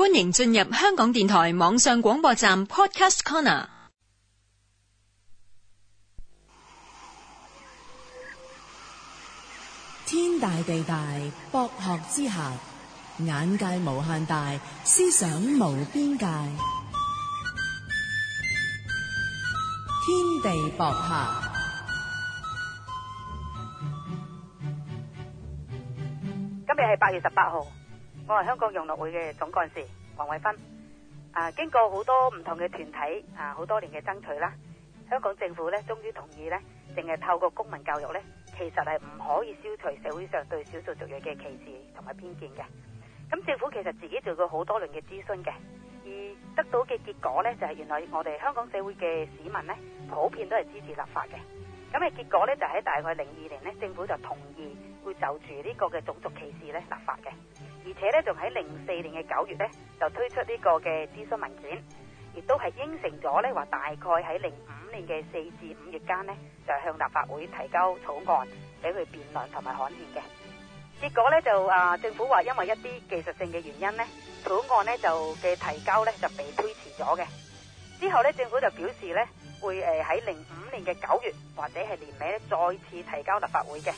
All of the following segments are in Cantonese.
歡迎進入香港電台網上廣播站 Podcast Corner。天大地大，博學之下，眼界無限大，思想無邊界。天地博客，今日係八月十八號。我係香港融樂會嘅總幹事王惠芬。啊，經過好多唔同嘅團體啊，好多年嘅爭取啦，香港政府咧，終於同意咧，淨係透過公民教育咧，其實係唔可以消除社會上對少數族裔嘅歧視同埋偏見嘅。咁政府其實自己做過好多輪嘅諮詢嘅，而得到嘅結果咧，就係原來我哋香港社會嘅市民咧，普遍都係支持立法嘅。咁嘅結果咧，就喺大概零二年咧，政府就同意會就住呢個嘅種族歧視咧立法嘅。而且咧，仲喺零四年嘅九月咧，就推出呢個嘅諮詢文件，亦都係應承咗咧話，大概喺零五年嘅四至五月間咧，就向立法會提交草案俾佢辯論同埋審議嘅。結果咧就啊，政府話因為一啲技術性嘅原因咧，草案咧就嘅提交咧就被推遲咗嘅。之後咧，政府就表示咧會誒喺零五年嘅九月或者係年尾咧再次提交立法會嘅。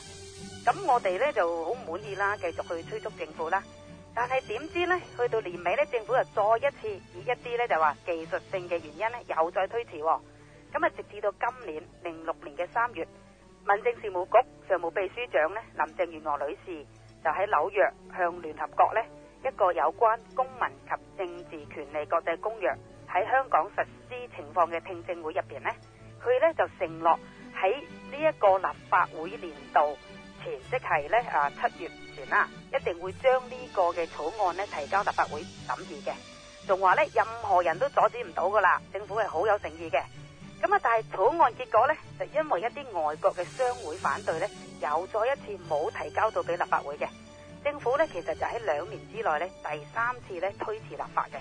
咁我哋咧就好唔滿意啦，繼續去催促政府啦。但係點知咧，去到年尾咧，政府又再一次以一啲咧就話技術性嘅原因咧，又再推遲。咁啊，直至到今年零六年嘅三月，民政事務局常務秘書長咧林鄭月娥女士就喺紐約向聯合國咧一個有關公民及政治權利國際公約喺香港實施情況嘅聽證會入邊咧，佢咧就承諾。喺呢一個立法會年度前，即係咧啊七月前啦，一定會將呢個嘅草案咧提交立法會審議嘅。仲話咧任何人都阻止唔到噶啦，政府係好有誠意嘅。咁啊，但係草案結果咧就因為一啲外國嘅商會反對咧，又再一次冇提交到俾立法會嘅。政府咧其實就喺兩年之內咧第三次咧推遲立法嘅。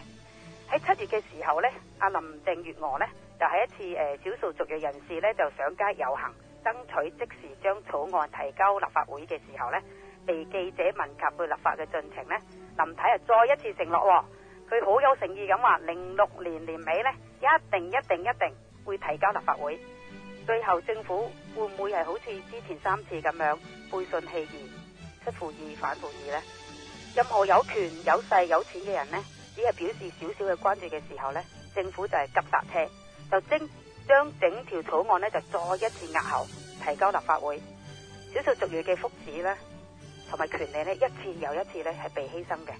喺七月嘅時候咧，阿林鄭月娥咧。就喺一次誒，少數族裔人士咧就上街遊行，爭取即時將草案提交立法會嘅時候咧，被記者問及佢立法嘅進程咧，林太啊再一次承諾，佢好有誠意咁話，零六年年尾咧一定一定一定會提交立法會。最後政府會唔會係好似之前三次咁樣背信棄義，出乎意反乎意咧？任何有權有勢有錢嘅人咧，只係表示少少嘅關注嘅時候咧，政府就係急剎車。就將將整條草案呢，就再一次押後提交立法會，少數族裔嘅福祉呢，同埋權利呢，一次又一次呢，係被犧牲嘅。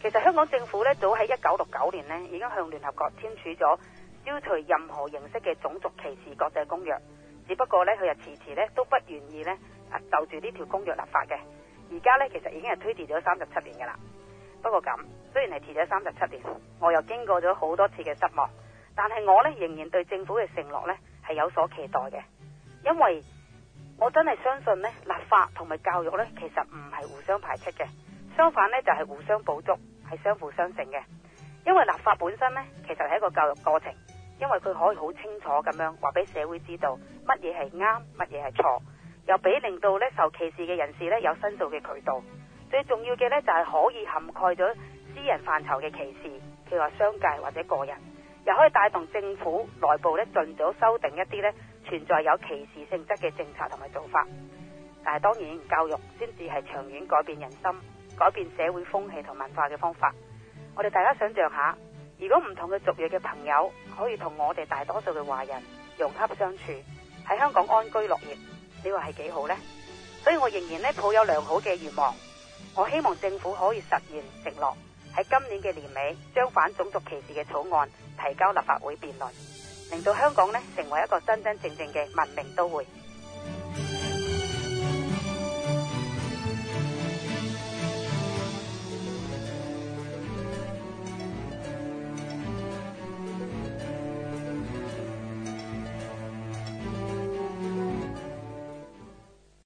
其實香港政府呢，早喺一九六九年呢，已經向聯合國簽署咗消除任何形式嘅種族歧視國際公約，只不過呢，佢又遲遲呢，都不願意呢，就住呢條公約立法嘅。而家呢，其實已經係推遲咗三十七年噶啦。不過咁雖然係遲咗三十七年，我又經過咗好多次嘅失望。但係我咧仍然對政府嘅承諾咧係有所期待嘅，因為我真係相信咧立法同埋教育咧其實唔係互相排斥嘅，相反咧就係互相補足，係相輔相成嘅。因為立法本身咧其實係一個教育過程，因為佢可以好清楚咁樣話俾社會知道乜嘢係啱，乜嘢係錯，又俾令到咧受歧視嘅人士咧有申訴嘅渠道。最重要嘅咧就係可以涵蓋咗私人範疇嘅歧視，譬如話商界或者個人。又可以帶動政府內部咧盡早修訂一啲咧存在有歧視性質嘅政策同埋做法，但係當然教育先至係長遠改變人心、改變社會風氣同文化嘅方法。我哋大家想象下，如果唔同嘅族裔嘅朋友可以同我哋大多數嘅華人融洽相處喺香港安居樂業，你話係幾好呢？所以我仍然咧抱有良好嘅願望，我希望政府可以實現承諾。喺今年嘅年尾，將反種族歧視嘅草案提交立法會辯論，令到香港咧成為一個真真正正嘅文明都會。